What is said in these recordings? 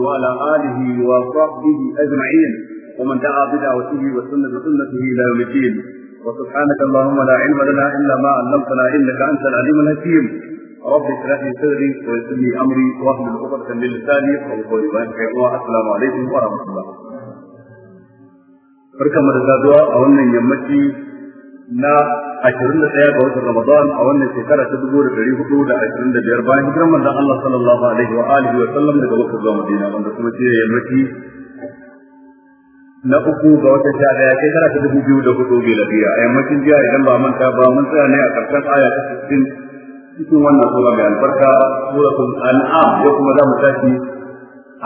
وعلى آله وصحبه أجمعين ومن دعا بدعوته وسنة سنته إلى يوم الدين وسبحانك اللهم لا علم لنا إلا ما علمتنا إنك أنت العليم الحكيم رب اشرح لي صدري ويسر لي أمري واحلل عقدة من لساني وقولي السلام عليكم ورحمة الله barkan da saduwa a wannan yammaci na ashirin da ɗaya ga watan Ramadan a wannan shekara ta dubu da ɗari hudu da ashirin da biyar bayan hijiran manzon Allah sallallahu alaihi wa alihi wa sallam daga Makka zuwa Madina wanda kuma shi ya yammaci na uku ga watan sha ɗaya shekara ta dubu biyu da hudu miladiya a yammacin jiya idan ba manta ba mun tsaya ne a ƙarshen aya ta sittin cikin wannan sura mai albarka suratul an'am ya kuma za mu tashi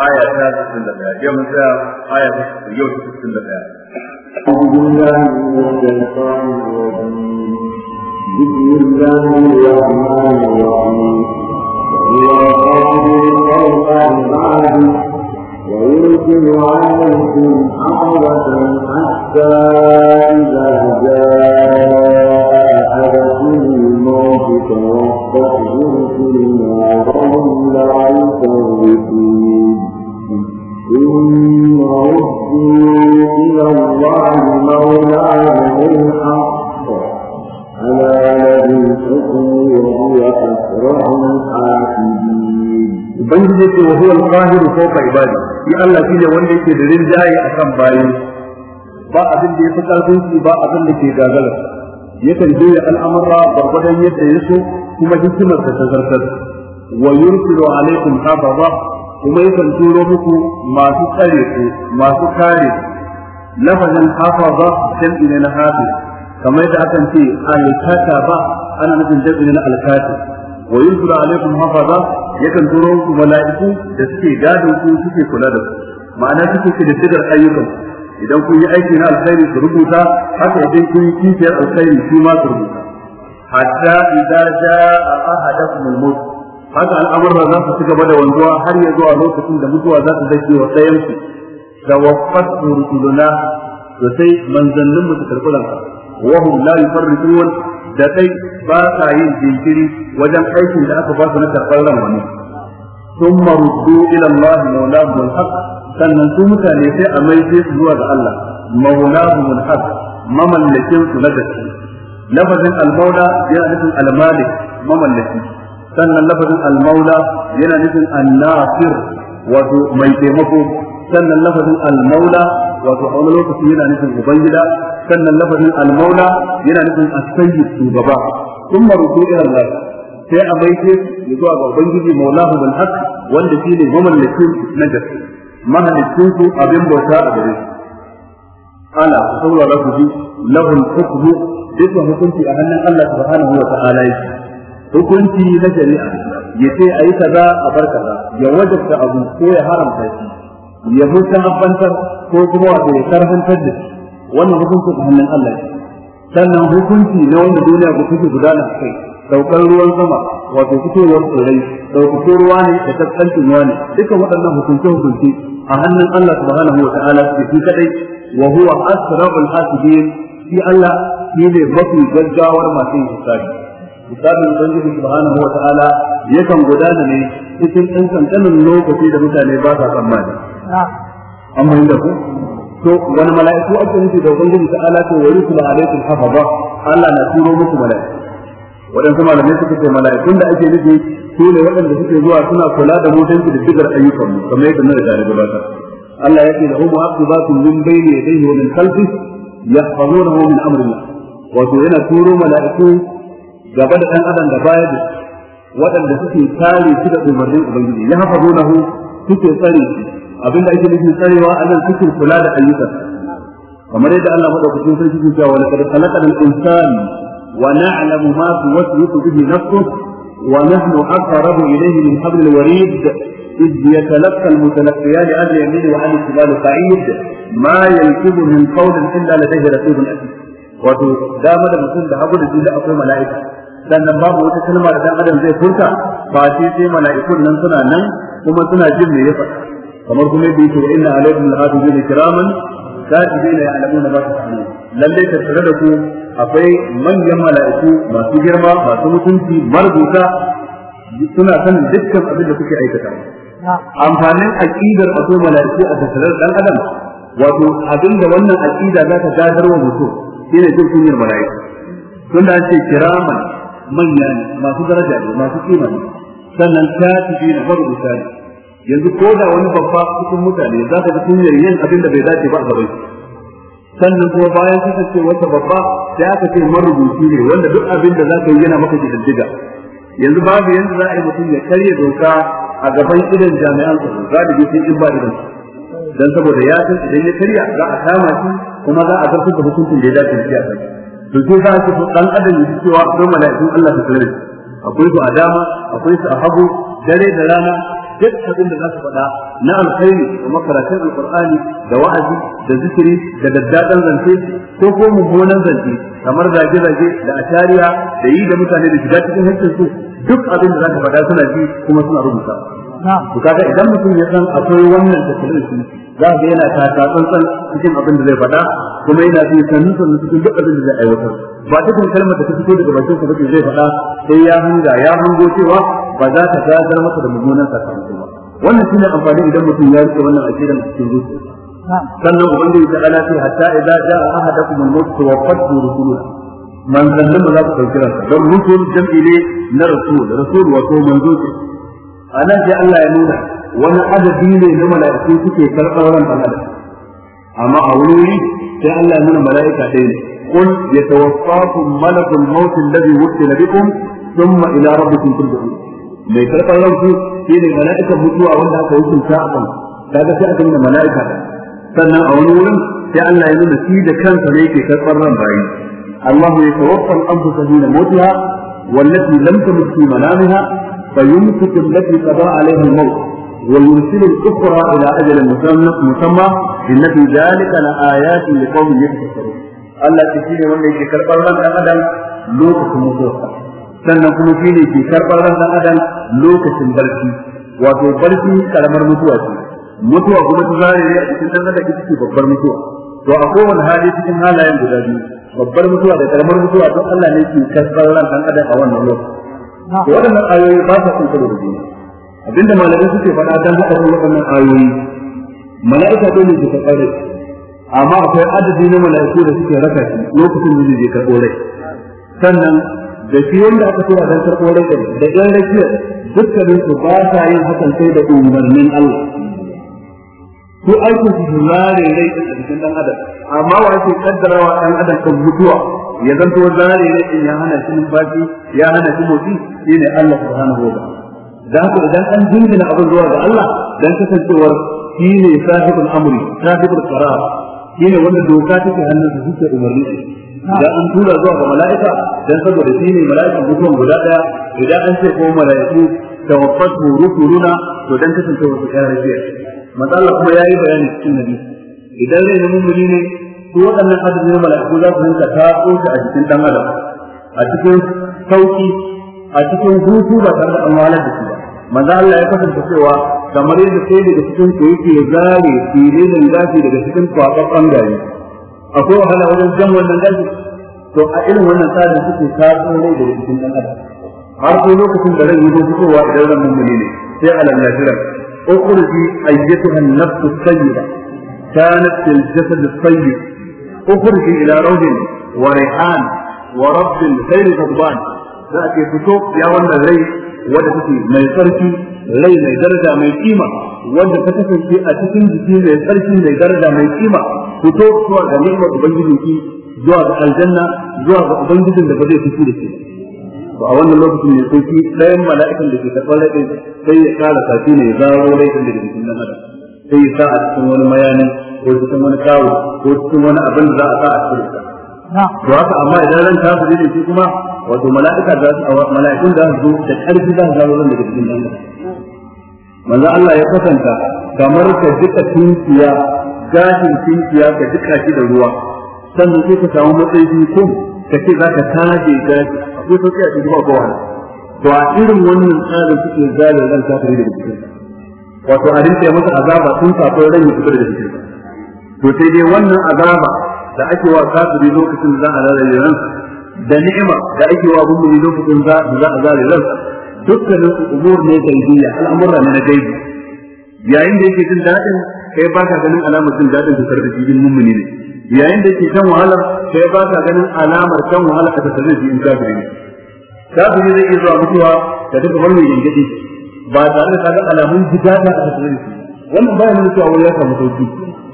aya ta sittin da ɗaya jiya mun tsaya aya ta sittin yau ta sittin da ɗaya أعوذ بالله بسم الله الرحمن الرحيم هو قادر فوق عباده ويرسل عليكم حفظة حتى إذا جاء أحدكم الموت توفته رسلنا وهم لا يفرقون wa huwa al-qahir fawqa ibadi ya Allah shine wanda yake da rinjaye akan bayi ba abin da yafi karfin shi ba abin da ke gagara yakan ya al'amura barbadan yadda yaso kuma hikimar ta zartar wa yursilu alaikum hafaza kuma yakan turo muku masu tsare ku masu kare lafazin hafaza jam'i ne na hafi kamar yadda akan ce alkata ba ana nufin jam'i ne na alkata wa yursilu alaikum hafaza yakan turo mala'iku da suke gadon ku suke kula da ku ma'ana suke ke da ayyukan idan kun yi aiki na alkhairi su rubuta haka idan kun yi kifiyar alkhairi su ma su rubuta hatta idza jaa ahadakum al-maut haka al'amuran za su ci gaba da wanzuwa har ya zuwa lokacin da mutuwa za su zake wa sayansu. su da waffat rusuluna da sai manzannin mu su karɓi ranka wa hum la da kai ba sa yin jinkiri wajen aikin da aka ba su na karɓar ran wani thumma ruddu ila Allah mawlahum al sannan su mutane sai a mai su zuwa ga Allah mawlahum al mamallakin su na gaske lafazin al yana nufin al mamallaki sannan lafazin al yana nufin an wato mai taimako sannan lafazin al-maula wato a wani lokaci yana nufin ubangida sannan lafazin al-maula yana nufin as-sayyid shugaba kuma rubu'ir Allah sai a baike ya zuwa ga ubangiji maulahu bil haqq wanda shi shine mamallakin na gaske mahalicin su abin bauta a gare shi ala saurara ku ji lahul Duk duka hukunci a hannun Allah subhanahu wa ta'ala yake hukunci na shari'a yace ayi kaza a bar kaza ya wajabta abu ko ya haramta shi ya mustahabbantar ko kuma wato ya karhantar da wannan hukunci ta hannun Allah ne sannan hukunci na wanda duniya ku take gudana kai daukar ruwan sama wato fitowar tsirrai daukar ruwa ne da kaskancin ruwa ne dukkan waɗannan hukunce hukunci a hannun Allah subhanahu wa ta'ala su shi kadai wa huwa asrarul hasibin shi Allah shi ne mafi gaggawar masu hisabi hisabin ubangiji subhanahu wa ta'ala yakan gudana ne cikin ɗan kankanin lokaci da mutane ba sa tsammani amma inda ku to wani mala'iku ake nufi da ubangiji ta ala ce wa yusulu hafa ba? Allah na turo muku mala'iku waɗansu malamai suka ce mala'ikun da ake nufi su ne waɗanda suke zuwa suna kula da mu dan da digar ayyukan mu kamar yadda na riga da gabata Allah ya ce da hu tun min bayni yadayhi wa min khalfihi yahfazunahu min amrillah wato yana turo mala'iku gaba da ɗan adam da baya da waɗanda suke kare shi da umarnin ubangiji ya hafazunahu suke tsare shi abinda ake nufin tsarewa a nan cikin kula da ayyuka kamar yadda Allah madaukakin sarki ke cewa laqad khalaqa al insana wa na'lamu ma tuwaswisu bihi nafsuhu wa nahnu aqrabu ilayhi min hablil warid إذ يتلقى المتلقيان عن اليمين وعن الشمال قعيد ما يلفظ من قول إلا لديه رقيب أتيد wato da da mutum da hagu da da akwai mala'ika sannan babu wata kalma da dan adam zai furta ba sai sai mala'ikun nan suna nan kuma suna jin me ya faɗa kamar kuma yadda yake wa inna alaikum lahafizina kiraman katibina ya'lamuna ma taf'alun lalle tattare da ku akwai manyan mala'iku masu girma masu mutunci marubuta suna san dukkan abin da kuke aikata amfanin aqidar akwai mala'iku a tattare da dan adam wato abin da wannan aqida za ta gadar wa mutum shine jin kunyar mala'iku tunda an ce kiraman manyan masu daraja ne masu kima ne sannan ta katibi na marubuta ne yanzu ko da wani babba cikin mutane za ka ji kunyar yin abin da bai dace ba a shi. sannan kuma bayan suka ce wata babba sai aka ce marubuci ne wanda duk abin da za ka yi yana maka kididdiga yanzu babu yanzu za a yi mutum ya karya doka a gaban idan jami'an tsaro da sai in ba idan dan saboda ya san idan ya karya za a kama shi kuma za a zartar da hukuncin da ya dace shi a kai to sai za su dan adam ya cewa akwai mala'ikun Allah su kare akwai su a dama akwai su a hagu dare da rana duk abin da za su faɗa na alkhairi da makaratun alkur'ani da wa'azi da zikiri da daddaɗan zance ko ko mummunan zance kamar zage-zage da ashariya da yi da mutane da shiga cikin hakkin su duk abin da za su faɗa suna ji kuma suna rubuta to kaga idan mutum ya san akwai wannan tattalin shi za ga yana taka tsantsan cikin abin da zai faɗa kuma yana fi sanin sanin cikin duk abin da zai aiwatar ba kuma kalmar da ta fito daga bakin ku bace zai faɗa sai ya hanga ya hango cewa ba za ta gadar masa da mummunan sakamako ba wannan shine amfani idan mutum ya rike wannan akidan cikin zuciyarsa sannan ubangiji ta ala ce hatta idza jaa ahadakum al-maut tawaffatu Man manzannin ba za ku ɗauki ransa don rusul jam'i ne na rasul rasul wato manzo ce a nan sai Allah ya nuna wani adadi ne na mala'iku suke karɓar ran amma a wuri sai Allah ya nuna mala'ika ɗaya ne قل يتوفاكم ملك الموت الذي وكل بكم ثم إلى ربكم ترجعون mai karɓar rauki shi ne mala'ikan mutuwa wanda aka wucin ta a kan kaga sai aka nuna mala'ika sannan a wani wurin sai Allah ya nuna shi da kansa ne yake karɓar ran bayi Allah ya tawaffa al-anfusa hina mutiha wallati lam tamut fi manamiha فيمسك التي قضى عليها الموت ويرسل الأخرى إلى أجل مسمى إن في ذلك لآيات لقوم يتفكرون Allah ce shine wanda yake karɓar ran dan adam lokacin mutuwarsa sannan kuma shine ke karɓar ran dan adam lokacin barci wato barci karamar mutuwa ce mutuwa kuma ta zare ne a cikin dan adam ita ce babbar mutuwa to a kowane hali cikin halayen guda biyu babbar mutuwa da karamar mutuwa don Allah ne ke karɓar ran dan adam a wannan lokacin waɗannan ayoyi ba sa kun karo da juna abinda malamai suke faɗa dan haka sun waɗannan ayoyi mala'ika dole su karɓar amma akwai adadi na mala'iku da suke raka shi lokacin da zai karɓo rai sannan da shi wanda aka tura don karɓo rai da ɗan rakiya dukkanin su ba sa yin hakan sai da umarnin Allah ko aikin su su zare rai a cikin ɗan adam amma wa ake kaddarawa ɗan adam kan mutuwa ya zanto zare rai ya hana shi numfashi ya hana shi motsi ne Allah subhanahu wa ta'ala da haka idan an jingina abin zuwa ga Allah dan kasancewar shi ne sahibul amri sahibul qarar shi ne wanda doka take hannun su suke umarni shi idan an tura zuwa ga mala'ika dan saboda shi ne mala'ikan mutuwan guda daya idan an ce ko mala'iku tawaffatu turuna to dan kasance wasu kayan rajiya matsala kuma yayi bayani cikin nabi idan rai na muni ne su waɗannan ne mala'iku za su rinka ta shi a jikin dan adam a cikin sauki a cikin hutu ba tare da an wahalar da su ba manzo Allah ya kasance cewa kamar yadda sai daga cikin ku yake zare filin gashi daga cikin kwakwakwan gari akwai wahala wajen jan wannan gashi to a irin wannan tsarin suke tatsun ne daga cikin dan adam har sai lokacin da rai yake fitowa idan ran mummuni ne sai alal nashira ukhruji ayyatuha an nafsu sayyida sayyiba kanat fil jasad as-sayyib ukhruji ila rawdin wa rihan wa rabbin khayr ghadban za a ce fito ya wannan rai wadda take mai sarki rai mai daraja mai kima wadda ta kasance a cikin jiki mai sarki mai daraja mai kima fito zuwa ga ni'imar ubangijin ki zuwa ga aljanna zuwa ga ubangijin da ba zai fito da ke ba a wannan lokacin mai sai shi ɗayan mala'ikan da ke karɓar rai sai ya kara sashi ne ya zaro rai da jikin nan sai ya sa a cikin wani mayani ko cikin wani kawo ko cikin wani abin da za a sa a cikin to haka amma idan ran ta fi shi kuma wato mala'ika za su awa mala'ikun za su zo da ƙarfi za su zama zan daga cikin nan manzo Allah ya kasanta kamar ka jika tunkiya gashin tunkiya ka jika shi da ruwa sannan sai ka samu matsayi kun ka ce za ka taje gashi akwai sauki a cikin ba to a irin wannan tsarin suke zalin ran kafiri daga cikin wato a rinke masa azaba sun safo ran ya fitar daga cikin to sai dai wannan azaba da ake wa kafiri lokacin da za a lalace ransa da ni'ima da ake wa abun mai lokacin za za a zare ransa dukkanin umur ne gaibiyya al'amuran ne na gaibi yayin da yake jin daɗin kai ba ka ganin alamar jin daɗin su karɓi jin mummuni ne yayin da yake kan wahala kai ba ka ganin alamar kan wahala a tattare da in kafiri ne kafiri zai iya zuwa mutuwa da duka wani mai yangaɗe ba tare da kaga alamun gidana a tattare da wannan ba nuna cewa wani ya samu sauki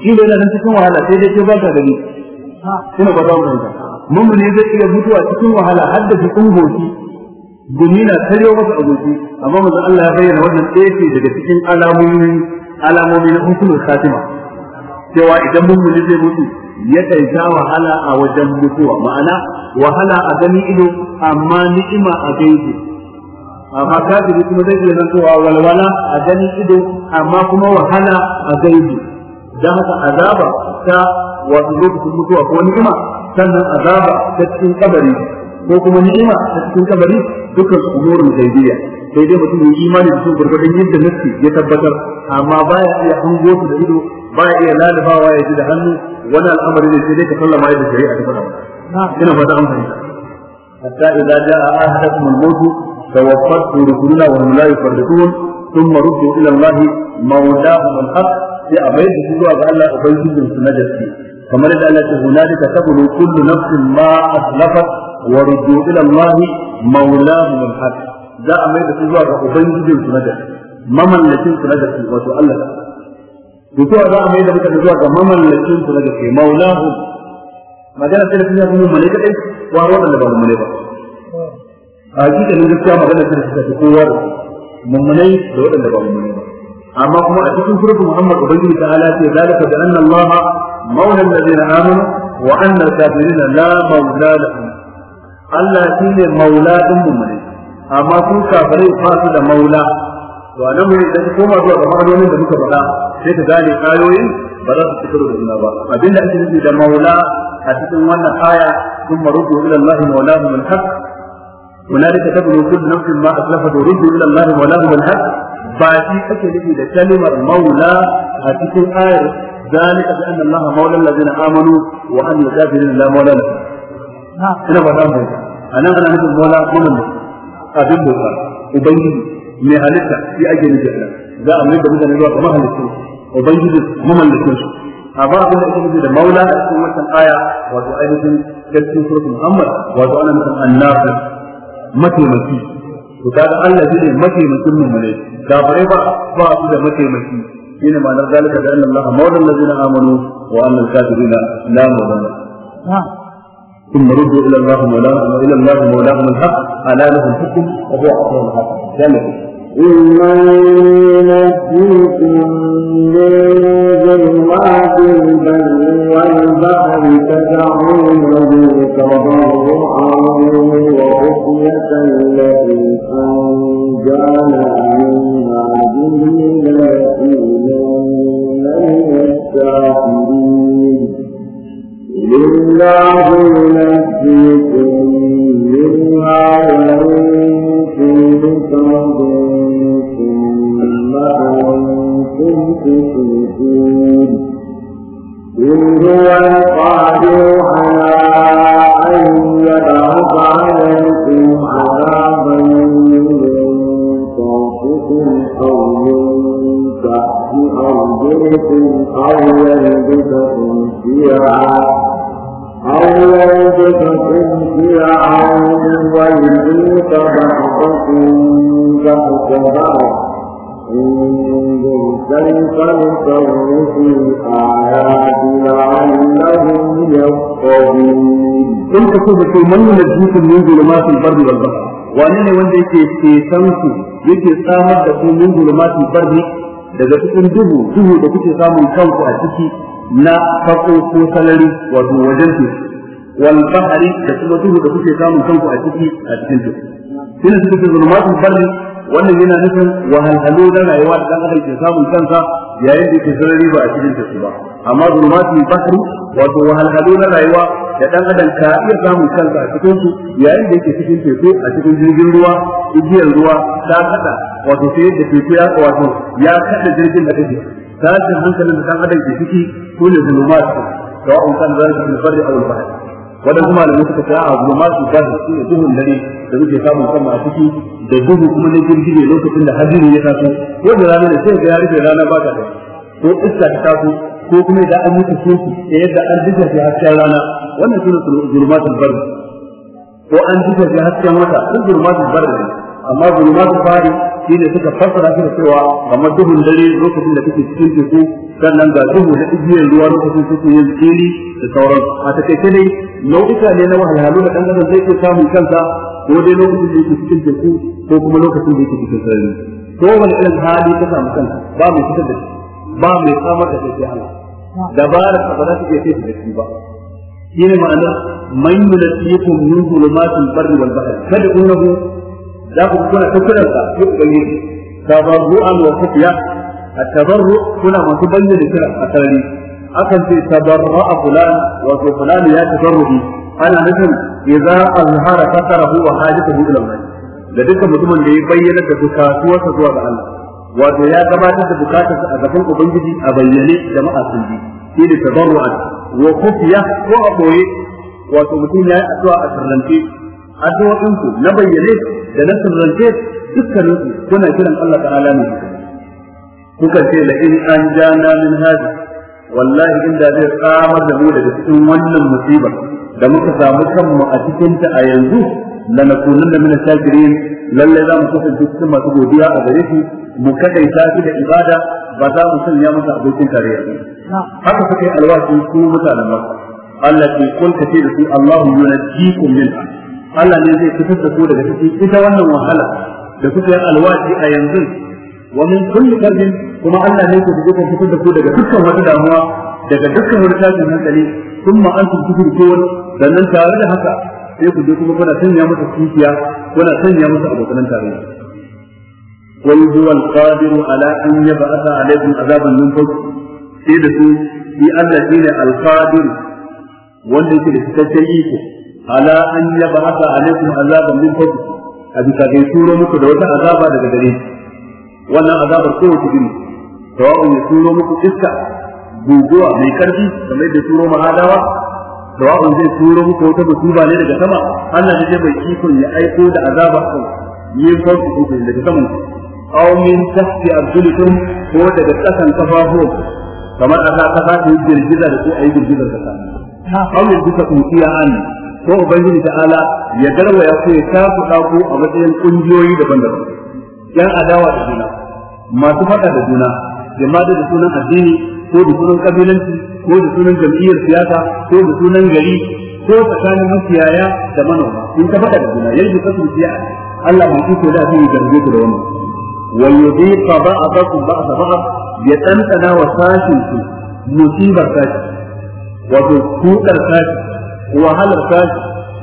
shi ne na nan cikin wahala sai dai ke ba ka gani kuma ba za mu fahimta ne zai iya mutuwa cikin wahala har da cikin goshi gumi na karyo masa aboki amma manzo Allah ya bayyana wannan ɗaya daga cikin alamomi alamomi na hukumar khatima cewa idan mummune zai mutu ya ɗaita wahala a wajen mutuwa ma'ana wahala a gani ido amma ni'ima a gaiji amma kafiri kuma zai iya zantowa walwala a gani ido amma kuma wahala a gaiji don haka azaba ta wato lokacin mutuwa ko ni'ima sannan azaba ta cikin kabari ko kuma ni'ima ta cikin kabari dukkan umurul ghaibiyya sai dai mutum yi imani da su gurgurdan yadda nafsi ya tabbatar amma baya iya hango su da ido baya iya lalabawa ya ji da hannu wani al'amari ne sai dai ka sallama ya da shari'a ta faɗa ina fata an fahimta hatta idza jaa ahadakum al-maut tawaffatu rusuluna wa la yufarriqun thumma ruddu ila allahi al-haq sai a da zuwa ga Allah ubangijin su na gaske kamar da Allah ta hunalika tabulu kullu nafsin ma aslafat wa ruddu ila Allah ma'ulahu al-haq za a mai da su zuwa ga ubangijin su na da mamallakin su na da wato Allah ta to za a mai da mutane zuwa ga mamallakin su na da ke maulahu magana sai da kuma mun mallaka kadai wa ruwan da ba mu mun ba a hakika ne gaskiya magana sai da kowa mummunai da waɗanda ba mummunai ba amma kuma a cikin surkun Muhammad ubangiji ta ala ce zalika bi anna Allah maula alladhina amanu wa anna al da la maula lahum Allah shine maula din mu'mini amma su kafirai ba su da maula to anan mun da kuma zuwa kamar ma'anonin da muka faɗa sai ta gane ayoyin ba za su fitar da juna ba abinda ake nufi da maula a cikin wannan aya ثم ردوا الى الله مولاهم الحق هنالك تبلو كل نفس ما اسلفت وردوا الى الله مولاهم الحق ba shi ake nufi da kalmar maula a cikin ayar zalika bi anna allaha maula allazina amanu wa anna kafirin la maula lahum ina ba za mu anan ana nufin maula wannan abin da ba ubangiji mai halitta shi ake nufi da za a mai da mutane zuwa kamar halittu ubangiji mamallakin su amma abin da ake da maula a cikin wannan aya wato ainihin gaskiyar surat muhammad wato ana Allah shine mataimakin mu ne كافر با با ده متيمكي ان ما ذلك ان الله مولى الذين امنوا وان الكافرين لا مولى لهم نعم. ثم ردوا الى الله مولاهم الى الله مولاهم الحق الا لهم حكم وهو أقوى الحق كامل إلا ينجيكم من ظلمات البر والبحر تدعونه تضرعا وخفية التي أنجانا من هذه ليكونن من الساحرين لله ينجيكم منها ويوم ربكم تشركون إن هو القادر على أن يبعث عليكم عذابا من فوقكم أو من تحت أرجلكم أو يلبسكم شيعا أو يلبسكم شيعا ويذيق بعضكم بعض بعض انظر كيف نصرف الآيات لعلهم يفقهون إن تكون من ينجيكم من ظلمات البر والبحر wane ne wanda yake ceton ku yake samar da ku min zulumatin barri daga cikin duhu duhu da kuke samun kanku a ciki na fako ko salari wato wajen ku wal bahari da kuma duhu da kuke samun kanku a ciki a cikin duhu shine suke zulumatin barri wannan yana nufin wahalhalu na rayuwa da dan ke samun kansa yayin da yake sarari ba a cikin ta ba amma zulmatul bahri wato wahalhalu na rayuwa da dan adam ka iya samun kansa a cikin su yayin da yake cikin teku a cikin jirgin ruwa igiyar ruwa ta kada wato sai da teku ya wato ya kada jirgin da kake tashin hankalin da dan adam ke ciki ko ne zulumat sawa'un kan zalika fil barri aw al bahr wadan kuma da suka ce a zulumat da su ne duhun dare da muke samun kanmu a ciki da duhu kuma na girgije lokacin da hadiri ya taso ko da rana da sai ya rufe rana ba ta da ko iska ta taso ko kuma idan an mutu su da yadda an hasken rana wannan sune zulmatul barri ko an duka ta hasken wata sun zulmatul barri amma zulmatul fari shi ne suka fassara shi da cewa Amma duhun dare lokacin da kake cikin teku sannan ga duhu da igiyar ruwa lokacin suke yin tsiri da sauran a takaice dai nau'ika ne na wahalhalu da ɗan zai iya samun kansa ko dai lokacin da yake cikin teku ko kuma lokacin da yake cikin sarari ko wani irin hali ka samu kanka ba mu fitar da shi ba mu samar da kai Allah dabara ta ba za ta iya kai da shi ba shi ne ma'ana man yulatikum min zulumatil barri wal bahr kada ku nahu za ku kuna ta ka, sa ku gane tabarru'an wa khufiya at-tabarru kuna masu bayyana kira a sarari akan ce tabarra'a fulan wa fulan ya tabarru ana nufin idza azhara kasarahu wa hajatuhu ila Allah da dukkan mutumin da ya bayyana da bukatuwarsa zuwa ga Allah wato ya gabatar da bukatarsa a gaban ubangiji a bayyane jama'a sun ji shi ne tabarru'a wa khufiya ko a boye wato mutum ya yi addu'a a sirrance addu'o'in ku na bayyane da na sirrance dukkanin ku kuna kiran Allah ta'ala ne kuka ce la in an jana min hadi wallahi inda zai tsamar da mu daga cikin wannan musibar da muka samu kanmu a cikin a yanzu la da min shakirin lalle za mu kasance cikin masu godiya a gare shi mu kadaita shi da ibada ba za mu sanya masa abokin tarayya haka suka yi alwashi su mutanen Makka Allah ke kulka ce da su Allahu yunajjikum minha Allah ne zai fitar da su daga cikin ita wannan wahala da kuka yi alwashi a yanzu wa min kulli karbin kuma Allah ne ke fitar da ku daga dukkan wata damuwa daga dukkan wani tashin hankali thumma antum tushrikun sannan tare da haka sai ku je kuma kuna sanya masa kishiya kuna sanya masa abokan tarayya wal huwa al-qadiru ala an yab'atha alaykum azaban min fawq sai da su bi Allah shine al-qadir wanda yake da cikakken iko ala an yab'atha alaykum azaban min fawq a bisa dai turo muku da wata azaba daga gare wannan azabar kowace iri sawa'un ya turo muku iska guguwa mai karfi kamar da turo mahadawa da sawa'un zai turo muku wata musiba ne daga sama Allah ne bai kiko ya aiko da azaba ko yin farko ko daga sama aw min tahti arjulikum ko daga kasan kafafu kamar aka ta ta girgiza da sai ayi girgizar kasa ha aw min duka kuntiya an ko ubangiji Ala, ya garwa ya ya ta ku a matsayin kungiyoyi daban-daban yan adawa da juna masu fada da juna jama'a da sunan addini ko da sunan kabilanci ko da sunan jam'iyyar siyasa ko da sunan gari ko tsakanin makiyaya da manoma in ta faɗa da juna yanzu sun siya Allah mai iko da zai garbe ku da wannan wal yudiqa ba'dakum ba'da ba'd ya tantana wa sashin ku musibar sashi wato kudar sashi wahalar sashi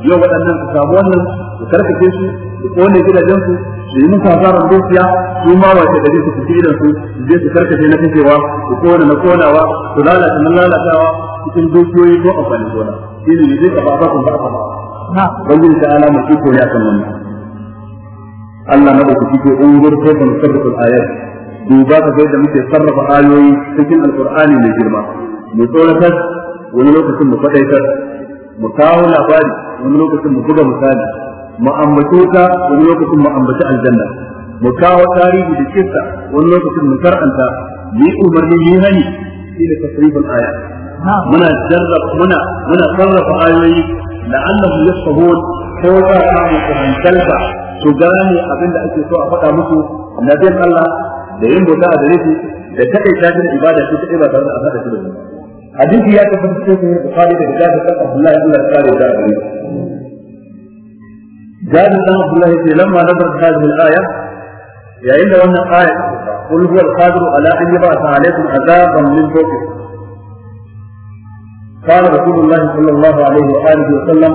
yau waɗannan su samu wannan su karkace su su kone gidajen su su yi musu hasarar dukiya su ma wace gari su fi idan su je su karkace na kashewa su kone na konawa su lalata na lalatawa cikin dukiyoyi ko amfanin gona shi ne zai ka ba kun ba ka ba da ala mai iko ne wannan Allah na bauki ko ungur ko da musabbatul ayat duba ka ga da muke sarrafa ayoyi cikin alqur'ani mai girma mu tsoratar wani lokacin mu faɗa'itar. mu kawo labari wani lokacin mu buga misali mu ambato ta wani lokacin mu ambaci aljanna mu kawo tarihi da kissa wani lokacin mu karanta mu yi umarni mu hani shi ne tasrifin aya muna jarraba muna muna sarrafa ayoyi la'allahu yafqahun ko ta ta fahimtarsa su gane abin da ake so a faɗa musu na bin Allah da yin bauta da shi da kaɗai ta ibada ce kaɗai ba tare da a haɗa shi da hadisi ya tafi cikin sahih bukhari da jabir bin abdullah ibn al-qari da gari jabir bin abdullah yace lamma nazar hadhihi al-aya yayin da wannan aya kul huwa al-qadir ala an azaban min fawqikum قال رسول الله صلى الله عليه وآله وسلم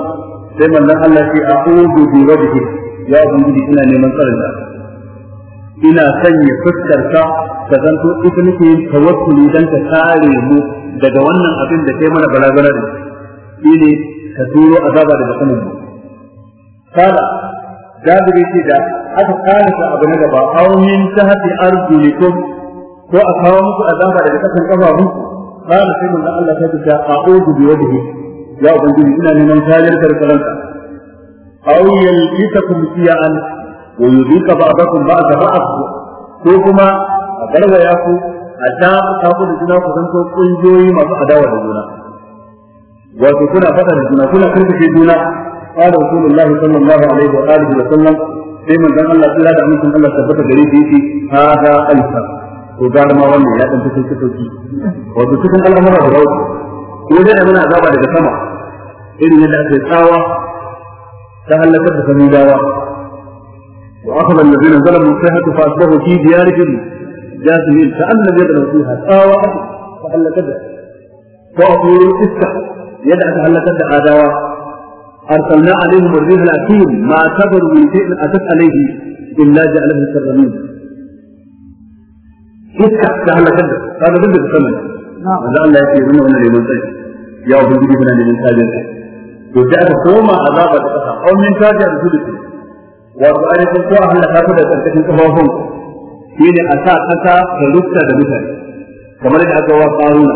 sai manzon Allah ce a'udhu bi wajhi ya ubangiji ina neman tsarin ina sanya fuskarta ta zanto ita nake yin tawakkuli dan ta kare mu daga wannan abin da kai mana balagana da shi ne ka turo azaba daga sanin mu kala jabiri ce da aka kare ta abu na gaba aumin ta hafi arjulikum ko a kawo muku azaba daga kasan kafafu kala sai manzo Allah ta ce a'udhu bi wajhi ya ubangiji ina neman kariyar karkaranta aw yalkitakum fi'an wa ba ba'dakum ba'da ba'd ko kuma a garwaya ku a ta ta ku da juna ku zanto kungiyoyi masu adawa da juna wato kuna fada da juna kuna karkace juna قال رسول الله صلى الله عليه وآله وسلم sai manzon Allah tsira da amincin Allah tabbata gare shi yace hada alfa to ga ma wannan ya dan take sauki wato cikin al'amura da rawu ko dai muna azaba daga sama irin yadda ake tsawa ta da samidawa واخذ الذين ظلموا الصيحه فاصبحوا في ديارهم جاثمين كان لم يدعوا فيها آه، فهل تدع فاقول افتح يدع فهل تدع عداوة ارسلنا عليهم الريح الاكيم ما كبروا من شيء اتت عليه الا جعله كالرميم افتح تدع هذا بدك لا لعل يكيرون هنا لمنتج يا ابو الجديد هنا لمنتج وجاءت قوما عذابك او من تاجر جدك وقال ainihin ko a hallaka ta da tsarkakin kafofin shi ne a sa ƙasa ta rufta da mutane kamar da aka wa faruna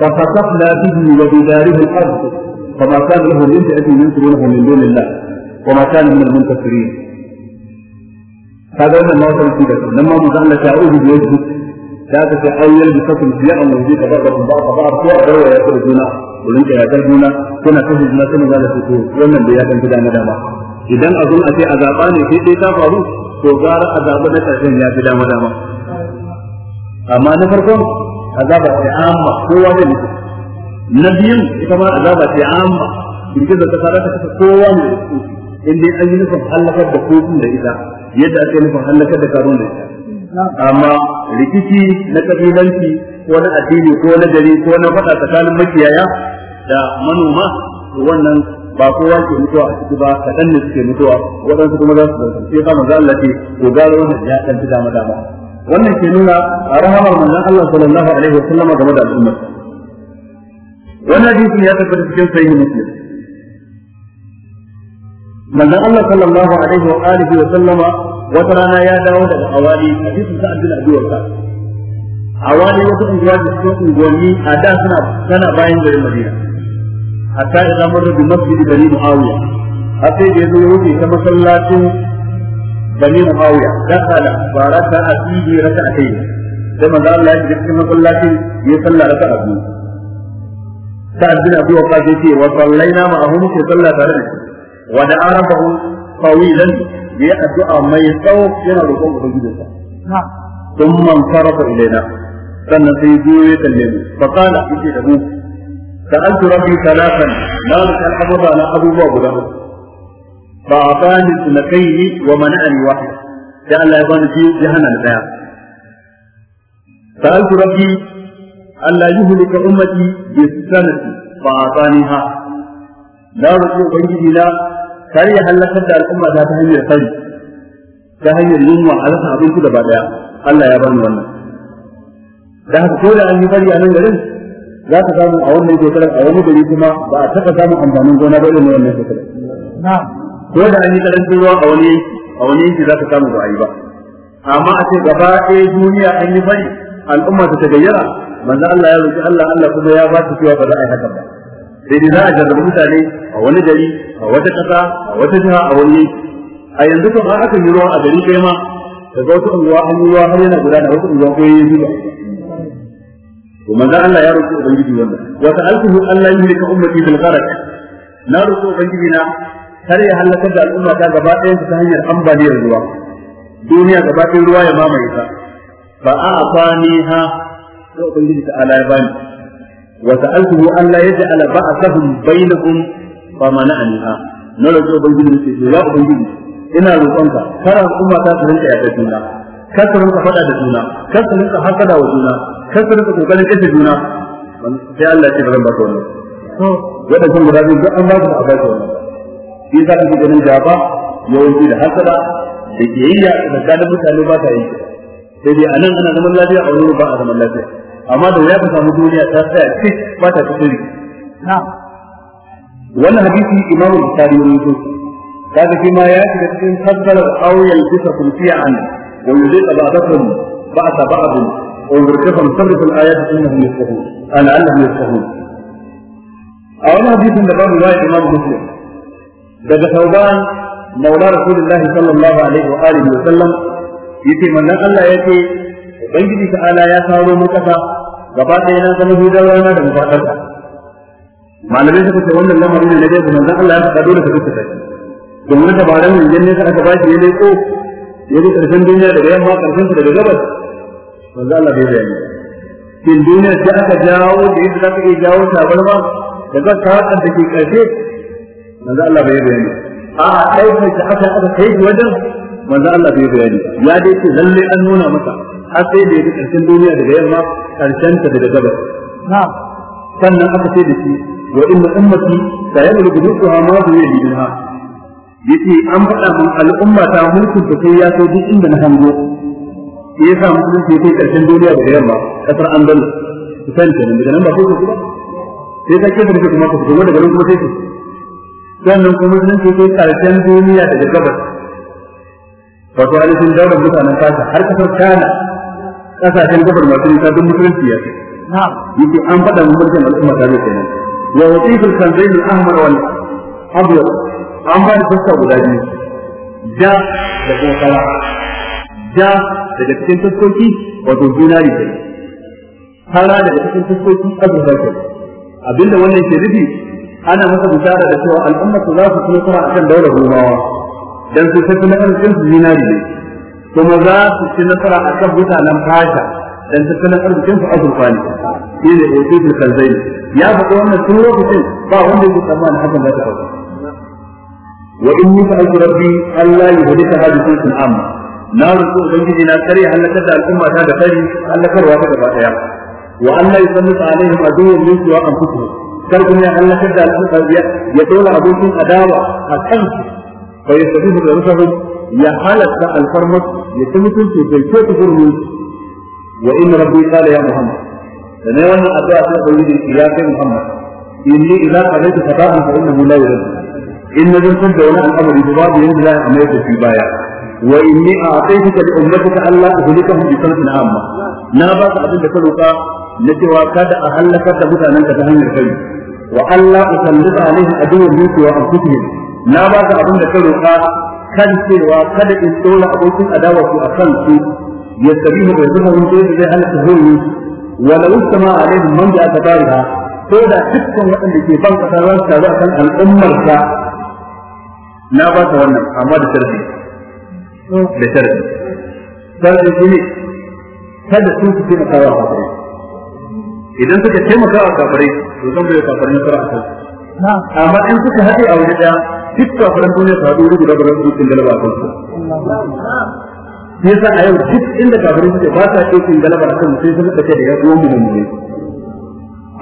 fa fasafna bihi wa bi darihi al-ard fa ma kana lahu min ta'ati min turuna min dunillah wa ma kana min al-muntasirin kada wannan mawtan shi da nan ma mun كنا كنا كنا كنا كنا كنا كنا كنا كنا كنا كنا idan a zuwa a ce a zaɓa ne sai dai ta faru to gara a zaɓa na ƙarshen ya fi dama dama amma na farko a zaɓa ce amma kowa zai mutu na biyun ita ma azaba ce amma da ta fara ta kowa ne in dai an yi nufin hallakar da kofin da ita yadda ake nufin hallakar da karun da ita amma rikici na kabilanci ko na addini ko na dare ko na faɗa tsakanin makiyaya da manoma wannan ba kowa ke mutuwa a ciki ba kaɗan ne suke mutuwa waɗansu kuma za su zarfi sai sa manzo Allah ce ko gano wannan ya ɗan dama dama wannan ke nuna a rahamar manzon Allah sallallahu alaihi wa sallama game da wannan hadisi ya tabbata cikin sahihi muslim manzon Allah sallallahu alaihi wa alihi wa sallama wata rana ya dawo daga awali hadisin sa'ad bin abi waqas awali wata unguwa da cikin unguwanni a da suna tana bayan garin Madina hatta idza marra bi masjid bani muawiya har sai da yazo wuce ta masallacin bani muawiya dakala ba raka a tibi raka a kai sai manzo Allah ya ji cikin masallacin ya salla raka a biyu ta abin abu wa kaje ce wa sallaina ma'ahu muke tare ya addu'a mai tsawo yana roƙon ubangijinsa ثم انصرف إلينا sannan sai ya ya kalle fa da mu سألت ربي ثلاثا لا أسأل على أبو بابا فأعطاني اثنتين ومنعني واحد جعل الله يبان في جهنم الآية سألت ربي ألا يهلك أمتي بالسنة فأعطانيها لا رجوع بيدي لا كريه هل لقد الأمة لا تهني الخير تهني اليوم على صعب كده بعد الله يبان wannan da haka ko da an yi bari a nan garin za ka samu a wannan shekarar a wani gari kuma ba a taɓa samun amfanin gona ba irin wannan shekarar ko da an yi karancin ruwa a wani a wani yanki za ka samu ba a yi ba amma a ce gaba ɗaya duniya an yi fari al'umma ta gayyara, manzo Allah ya roki Allah Allah kuma ya ba ta cewa ba za a yi haka ba sai dai za a jarrabi mutane a wani gari a wata ƙasa a wata jiha a wani yanki a yanzu kan aka yi ruwa a gari kai ma daga wata unguwa an yi ruwa har yana gudana wata unguwa ko yayi ba. to manzo Allah ya roƙi ubangiji wannan wa ta'altuhu Allah yuhlika ummati bil gharq na roƙi ubangiji na kar ya halaka da al'umma ta gaba ɗayan ta hanyar ambaliyar ruwa duniya gaba ruwa ya mamaye ta fa a'faniha to ubangiji ta ala ya bani wa ta'altuhu Allah yaj'ala ba'athahum bainahum fa mana'aniha na ubangiji ubangiji ina kar ta rinka yaƙa juna kar su rinka faɗa da juna kar su rinka hasada wa juna kar su rinka kokarin kashe juna sai Allah ya ce ba zan ba ka wannan to wadannan guda biyu duk an ba su a ba ka wannan shi yasa kake ganin gaba yawanci da hasada da kiyayya da kada mutane ba ta yi sai dai anan ana zaman lafiya a wurin ba a zaman lafiya amma da wuya ka samu duniya ta tsaya cik ba ta tsiri wannan hadisi imamu bukhari ne to kaga shi ma ya shiga cikin tabbarar auyal bisa kulfiya annabi ويذيق بعضكم بعض بعض ويركفهم صرف الآيات إنهم يفقهون لعلهم يفقهون أولا حديث من باب رواية إمام مسلم daga Tauban maula Rasulullahi sallallahu alaihi wa alihi wa sallam yace manzon Allah yace ubangiji ta ala ya taro mu kasa gaba ɗaya na zama hudawa na da mafadar malamai suka ce wannan lamarin ne na gaisa manzon Allah ya faɗa dole ka duka shi domin dabaran yanzu ne aka ba shi ne ko ya ji karshen duniya daga yamma karshen ta daga gabas manzo Allah bai bayani shin duniya sai aka jawo da yadda za zaka iya jawo tabarma daga sa'an da ke karshe manzo Allah bai bayani a aikin da aka aka kai wajen manzo Allah bai bayani ya dai ce lalle an nuna masa har sai da yadda karshen duniya daga yamma karshen ta daga gabas na'am sannan aka ce da shi wa inna ummati sayamlu biduha ma bi ha? yace an faɗa mun al'umma ta mulkin ta sai ya kai duk inda na hango shi sa musulunci ya kai karshen duniya da yamma kasar andalus ku san kenan daga nan ba ko ku ba sai ka kifar ka kuma ku ku daga nan kuma sai ku sannan kuma musulunci ya kai karshen duniya daga gabas wato alifin daular mutanen kasa har kasar kana kasashen gabar masu nisa don musulunci ya kai yake an faɗa mun mulkin al'umma ta zai kenan wa wasifin kanzain al-ahmar wal abyad an ba da fuska guda biyu ja da kuma ja daga cikin fuskoki wato zinari kai fara daga cikin fuskoki azurfa kai abinda wannan ke nufi ana masa bishara da cewa al'ummatu za su kuma fara kan daular rumawa dan su tafi na arzikin su zinari ne kuma za su ci nasara a akan mutanen fasha dan tattalin arzikin su azurfa ne shi ne otisul kanzai ya faɗi wannan tun lokacin ba wanda ya tsammani hakan za ta faru وإني سألت ربي ألا يهلك هذه الأمة العامة نار سوء زوجي لا تري هل لك الأمة هذا خير هل لك الرواب الرائع وأن لا يسلط عليهم عدو من سوى أنفسهم كركم أن هل لك الأمة يدور عدوكم أداوة أكنت فيستفيد بأنفسهم يا حالك لا الفرمت يتمثل في بيتوك فرمي وإن ربي قال يا محمد لنيوانا أدوى أدوى أدوى أدوى أدوى أدوى أدوى أدوى أدوى أدوى أدوى أدوى أدوى أدوى إن لم قد دولا امر بباب بهم لا أميت في بايا وإني أعطيتك لأمتك الا أهلكهم بصله عامة نابات أبن تسلقا نتي وكاد أهلك تبتا من تتهم الخير والا اسلط أسلق عليهم أدو الموت وأنفسهم نابات أبن تسلقا كان سير وكاد إستولى أبوكم أداوة أخلص يستبيه ويزمهم دير إذا هلك الظلم ولو اجتمع عليهم من جاء تبارها فهذا حكم وأن يتبقى تبارك ذاتا الأمر ذاتا na ba ta wannan amma da sharadi da sharadi sharadi shi ne kada sun fi taimaka wa kafirai idan suka taimaka wa kafirai to zan bai kafirai na a kan amma in suka haɗe a wani ɗaya duk kafiran duniya su haɗu wuri guda ba za su galaba a kan su yasa a yau duk inda kafirai suke ba sa cin galaba a kan sai sun suka ce da ya zuwa mu ne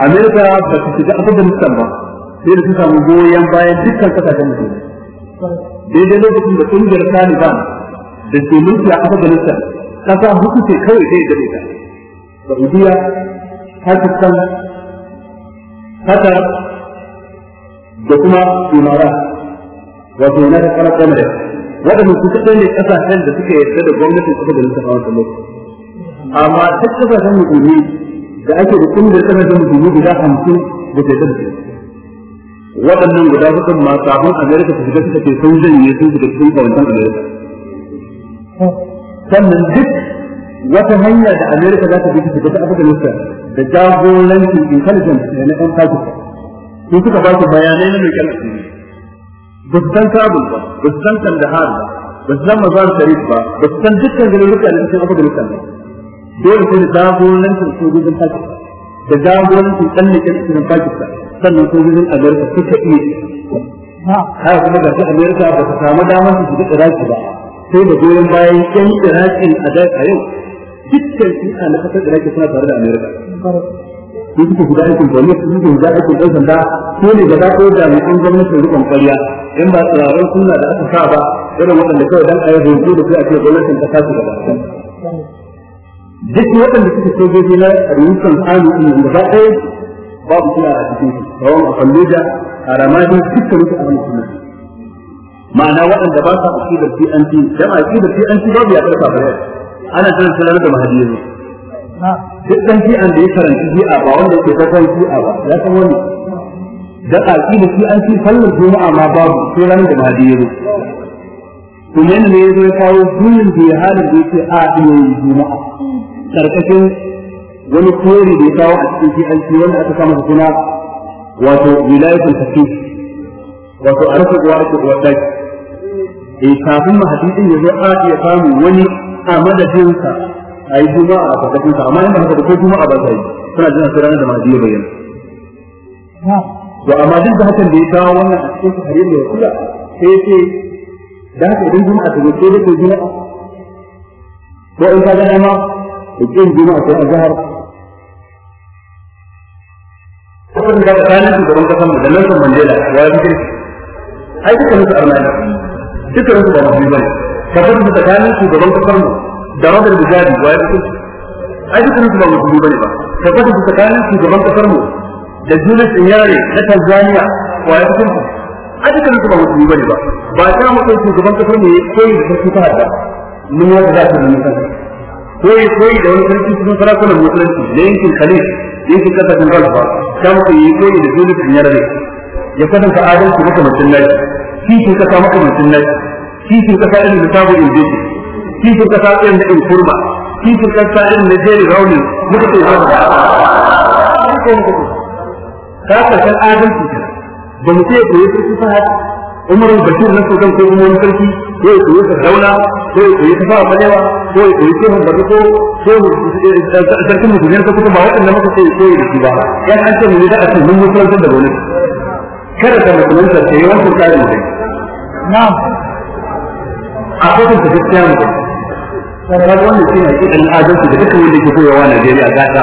Amerika ba su shiga abubuwan ba sai da su samu goyon bayan dukkan kasashen mutum daidai lokacin da kungiyar taliban da ke mulki a afganistan kasa huku ce kawai zai gare ta saudiya pakistan qatar da kuma imara wato na da kana kamar waɗanda su kaɗai ne kasashen da suka yarda da gwamnatin afganistan a wancan lokaci amma duk kasashen musulmi da ake da kungiyar ƙasashen musulmi guda hamsin da ke da su waɗannan guda hukun ma kafin amerika su shiga suka ce sun janye sun shiga cikin kawancan amerika sannan duk wata hanya da amerika za ta bi ta shiga ta afganistan da jagorancin intelligence da na yan pakistan su suka ba su bayanai na mai asiri ba su san kabul ba ba su san kandahar ba ba su san mazar sharif ba ba su san dukkan garuruka da cikin afganistan ba dole sai da jagorancin sojojin pakistan da jagorancin tsallakin cikin pakistan sannan sojojin amerika suka iya ha kuma ga amerika ba su samu damar su shiga iraki ba sai da goyon bayan yan irakin a da a yau dukkan su a na kasar iraki suna tare da amerika su suke guda aikin gwamnati su suke guda aikin ɗan sanda su ne gaba ko jami'an gwamnatin rikon kwariya in ba tsirarar suna da aka sa ba irin waɗanda kawai dan a yi hoto da su a ce gwamnatin ƙasa su gaba duk waɗanda ce sojoji na rikon hannu ɗin da ba ɗaya babu kina a cikin su rawan a falluja a ramadi dukkan su a hannun sunna ma'ana waɗanda ba sa aqidar fi an ci dan aqidar fi an ci babu ya karfa bare ana tana sanar da mahadiyi ne duk dan fi an da ya karanci fi a ba wanda ke kasan fi a ba ya san wani an ci sallar juma'a ma babu sai ran da ne ya zo ya kawo sunan da ya halin da yake a iya juma'a karkashin wani kori da ya kawo a cikin PNC wanda aka kama da suna wato wilayatul tafsir wato a rasa uwa ake uwa daki eh kafin ma hadisin ya zo a iya samu wani a madadinsa a yi juma'a a kafin amma yanda haka da ko juma'a ba ta yi suna jin sai ranar da mahdi ya bayyana to amma duk da hakan da ya kawo wannan a cikin harin da ya kula sai sai da haka idan juma'a ta zo da da juma'a ko in ka ga ma ikin juma'a sai zahar. lokacin da tsakanin shugaban kasan da Nelson Mandela wa fi ai duka musu arnani duka musu ba musulmi bane da shugaban kasan mu da Robert Mugabe wa ya fi ai duka musu ba musulmi bane ba da shugaban kasan mu da Julius Nyerere na Tanzania wa ya fi ai duka musu ba musulmi bane ba ba ta mutum shugaban kasan mu koyi da su ta hada mun koyi koyi da wani sarki cikin sarakunan musulunci da yankin Khalid in shi kasa tun ralfa kan ku yi koyi da dole kan yarda ya kasance adalci makamancin shi kishin kasa makamancin shi kishin kasa irin da sabu in jeji kishin kasa irin da in kurma kishin kasa irin da jeri rauni muka ce ba ka ta adam ku ba mu ce ku yi kusa haka umar da shi na sukan ko kuma wani sarki ko ya koyi sardauna ko ya koyi tafawa balewa ko ya koyi shehun bari ko shehun eh, sarkin musulmiyar ta kuma ba waɗanda maka sai koyi da shi ba yan an ce mu za a ce mun musulantar da wani kada ka musulantar ta yi wancan tsarin da na'am a kotun ta gaskiya mu sarrafa wannan shi ne kiɗan adalci da dukkan wanda ke koyawa Najeriya gata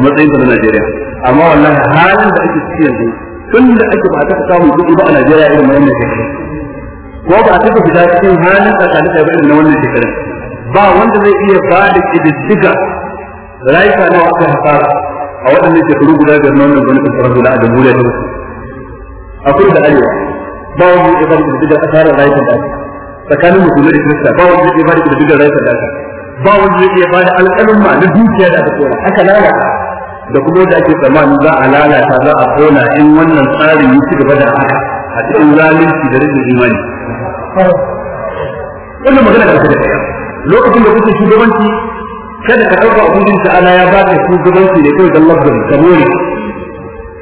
a matsayin da na Najeriya amma wallahi halin da ake ciki yanzu tun da ake ba ta samu kuɗi ba a Najeriya irin na wannan shekaru ko ba ta fita cikin halin tsakanin da irin na wannan shekaru ba wanda zai iya ba da kididdiga rayuka nawa aka hasara a waɗannan shekaru guda biyar na wannan gwamnatin farar hula a jamhuriyar ta akwai da arewa ba wani zai ba da kididdiga asarar rayuka da aka tsakanin musulmi da kirista ba wani zai ba da kididdiga rayuka da aka ba wani zai iya ba da alƙalin ma na dukiya da aka tsora aka lalata da kuma da ake tsammanin za a lalata za a kona in wannan tsarin yi ci gaba da haka a cikin zalunci da rikin imani wannan magana da ta lokacin da kuke shugabanci kada ka ɗauka ubangiji Ana ya ba ka shugabanci ne kawai don lafzari kamar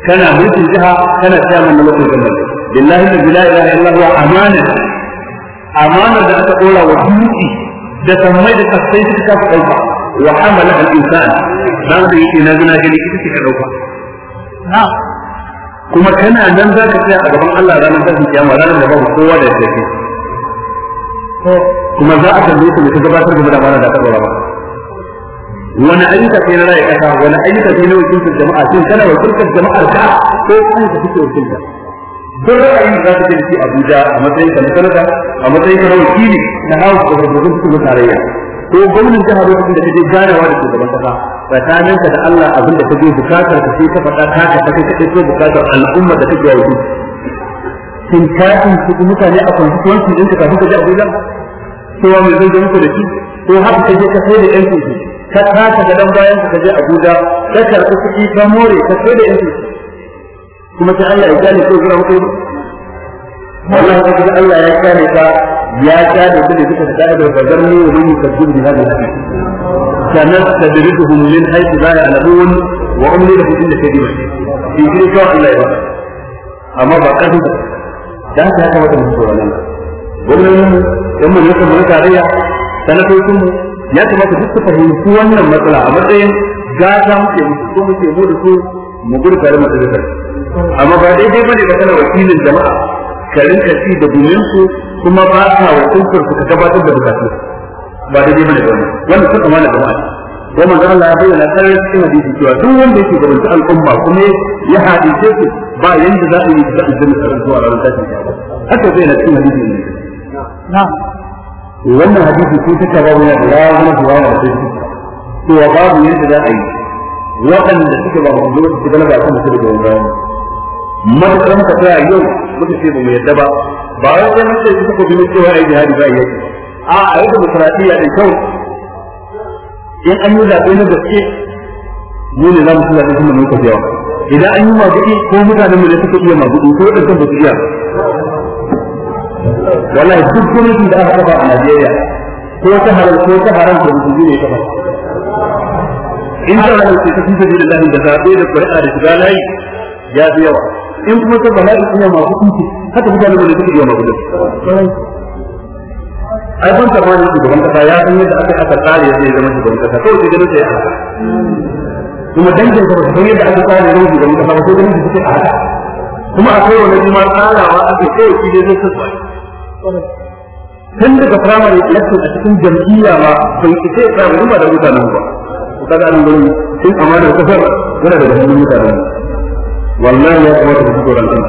kana mulkin jiha kana tsayaman na lokacin gwamnati billahi la ilaha illa huwa amana amana da aka dora wa dutse da sammai da kasai suka kafa ɗauka وحملها الإنسان بعد يجينا جنا جلي كده كروفا نعم كما كان عندنا ذاك الشيء أبو الله رانا ذاك الشيء ما رانا ذاك هو قوة ذاك كما ذا أكل بيت في كذا بشر كذا بنا ذاك ولا ما وانا أجد في نرى كذا وانا أجد في نوع جنس الجماعة سين كنا وكل كذا جماعة كذا كل كذا في كذا وكل كذا بره أي ذاك الشيء أبو جا أمتى يكمل كذا أمتى يكمل كذا كذا نهاوس كذا كذا كذا كذا كذا ko gwamnatin jihar wanda da take ganawa da shugaban kasa tsakanin ka da Allah abin da kake bukatar ka sai ka faɗa ka ka kake kake so bukatar al'umma da kake yawo shin ka in su mutane a kan hukuncin din ka kafin ka ji Abuja cewa mai zai muku da shi ko haka kaje ka sai da yan ka kasa da dan bayan ka je Abuja ka karɓi kuɗi ka more ka sai da yan kuma sai Allah ya kare ko gura muku wallahi kaga Allah ya kare ka ya ta da su ne suka fita da bazar ne wurin yusabbin da hadin hadith sanan tadriduhum min haythu la ya'lamun wa umli lahum inda kadima in kin ka Allah ya amma ba kadu dan ta haka wata mutu wannan gwamnatin yan mun yake mun tarayya sanatocin mu ya kamata duk ta fahimci wannan matsala a matsayin gata muke musu ko muke mu da su mu gurbar matsalar amma ba daidai bane ba kana wakilin jama'a ka rinka ci da gumin su kuma ba ka wa kunkar su ka gabatar da bukatu ba da dai bane wannan wannan suka mana jama'a ko manzo Allah ya bayyana tsarin cikin hadisi cewa duk wanda yake gaban al'umma kuma ya hadice su ba yanda za a yi da aljanna a zuwa ran tashin haka zai na cikin hadisi ne na wannan hadisi ko ta kaba wani ya zama zuwa ran tashin cewa babu yanda za a yi waɗanda suka ba mu zuwa su galaba kan su da wani matukan ka tsaya yau muka ce ba mu yadda ba ba wai sai muka yi kuka bin cewa ai jihadi ba yake a a yau demokradiyya ne kawai in an yi zaɓe na gaske mu ne za mu ci zaɓe kuma mu kafi idan an yi maguɗi ko mutanen mu ne suka iya ko waɗansu ba su iya wallahi duk gwamnatin da aka kafa a Najeriya ko ta haram ko ta haram ko mutum ne kafa in ta haram ce ta fi da lahin da zaɓe da ƙuri'a da shiga layi ya fi yawa in kuma ta bala'i ina ma hukunci haka mutane ba da suke yi ma gudu ai ban ta bani shugaban kasa ya san yadda aka aka tsare ya zama shugaban kasa kawai sai ganin sai haka kuma dangin ka ba san yadda aka tsare ya zama shugaban kasa ba sai ganin sai suke haka kuma akwai wani kuma tsarawa aka kai shi dai sai sai tun daga firamare election a cikin jam'iyya ma bai isa ya tsara ba da mutanen ba da an gani sun amana kasar yana daga hannun mutanen wallahi ya kamata ku fito ran Allah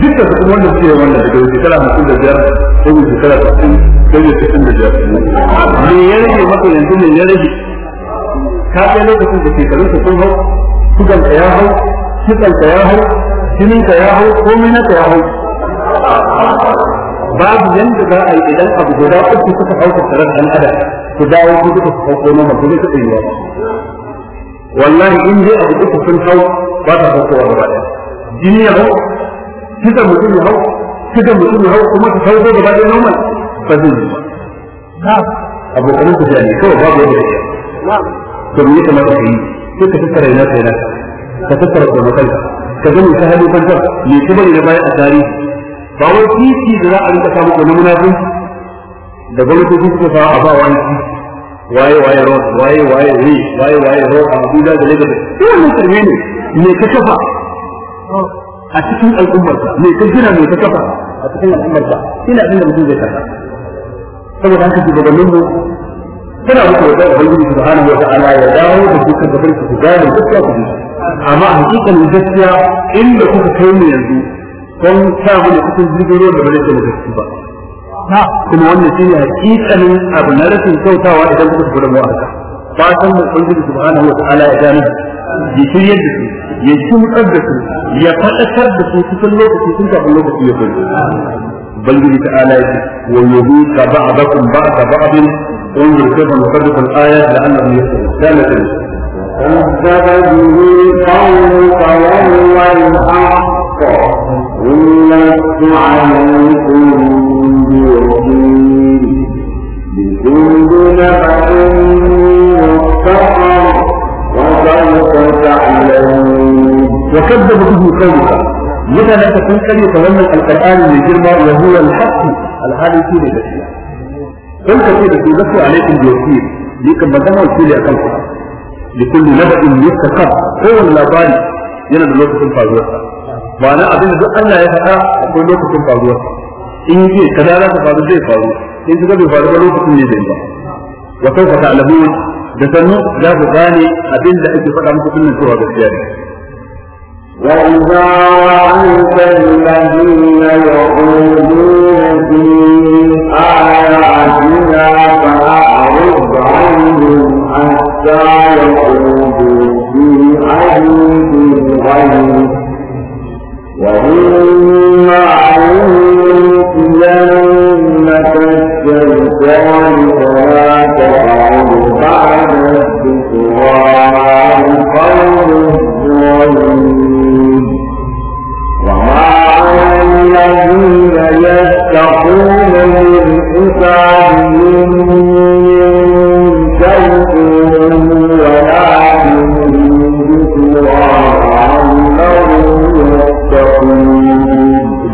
dukkan su kuma wanda suke yin wannan daga shekara hamsin da biyar ko mai kala sittin ko mai sittin da biyar me ya rage maka yanzu me ya rage ka kai lokacin da shekarun ka sun hau sugan ka ya hau kitsan ka ya hau jinin ka ya hau komai na ka ya hau babu yanda za a yi idan abu guda uku suka hauka tsarar dan adam ku dawo ku duka su hauko na mutum zai yi yiwa wallahi in dai abu uku sun hau ba ta saukowa gaba ɗaya jini ya hau kitan mutum ya hau kitan mutum ya hau kuma ta hau sauko gaba ɗaya normal ba zai yi ba abokanan ku jani kawai babu yadda ya to me ya kamata ka yi sai ka tattara ina ka ina ka tattara ko makanka ka gani ta hannu kanka me kuma ne baya a tarihi ba wai titi da za a rika samu ko na munafunci da gwamnati suka sa a ba wani waye waye road waye waye ri waye waye road a abuja da lagos duk wannan karme ne me ka kafa a cikin al'ummarsa me ka gina me ka kafa a cikin al'ummarsa ina inda mutum zai kasa saboda haka shugabannin mu suna muku da ubangiji subhanahu wa ta'ala ya dawo da dukkan da farki su gane gaskiya ku bi amma a hakikanin gaskiya inda kuka kai mu yanzu kun sa mu cikin jirgin ruwan da ba zai gaskiya ba kuma wannan shine hakikanin abu na rashin kyautawa idan kuka tafi da mu a haka fatan mu ubangiji subhanahu wa ta'ala ya gane jikiyar da su ya shimfar da su ya faɗakar da su cikin lokaci tun kafin lokaci ya kai ubangiji ta ala ya wa yuhika ba'dakum ba'da ba'din انظر كيف نصدق الآية لأنهم يسرون كانت كذب به قومك وهو الحق قل لست عليكم بوكيل بكل نبأ مستقر وكذب به قومك لذا لا تكون كلمه وان القران من وهو الحق الحالي في البشر كن كثير في ذكر عليكم بوكيل يمكن بدنا وكيل يا لكل نبا يستقر هو اللبان ينا دلوقتي كن فاضوها وانا اظن ان لا يفقى كل لوقتي كن فاضوها ان جي كذا لا تفاضو جي فاضو ان جي كذا فاضو لوقتي كن يدين وسوف تعلمون دسنو جاهو غاني اظن إتفاق يفقى مكتب من سورة الجاهلية وإذا رأيت الذين يقولون في آياتنا فأعرض عنهم حتى يقولوا في حديث غيره وإما علمك الشيطان فلا تقعد بعد الذكرى عن تقول للحساب من شوق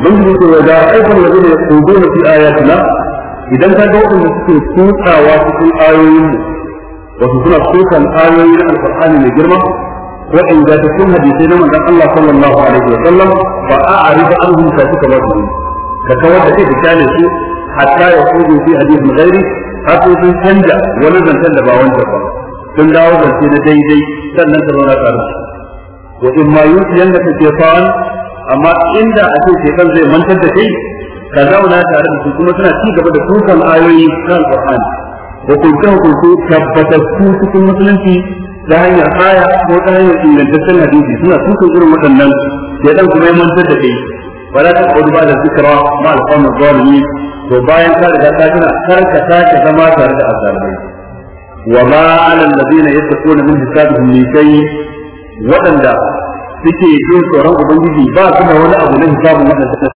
ولكن ذكر وداع ايضا الذين يقودون في اياتنا اذا كان دوما سكن سوطا وسط الايين وسكن سوطا الايين القران لجرمه وان ذات كل هذه من الله صلى الله عليه وسلم فاعرف عنهم كاتب الله ka kawar da kai da kyale su hatta ya kudu fi hadisin ghairi har sai sun canja wani zancen da ba wanda ba sun dawo zance na daidai sannan ka zauna tare wa in ma yusiyan da kake fa'an amma inda a ce shekan zai mantar da kai ka zauna tare da su kuma suna ci gaba da tukan ayoyi na alqur'ani hukunce hukunce tabbatattu cikin musulunci ta hanyar aya ko ta hanyar ingantaccen hadisi suna tukan irin waɗannan ya dan kuma ya mantar da kai wala ta kudu ba da zikra ma alqawm zalimi to bayan ka riga ka tuna kar ka sake zama tare da azalimai wa na ala alladhina yattaquna min hisabihim min shay wadanda suke jin tsoron ubangiji ba su da wani abu na hisabun wadanda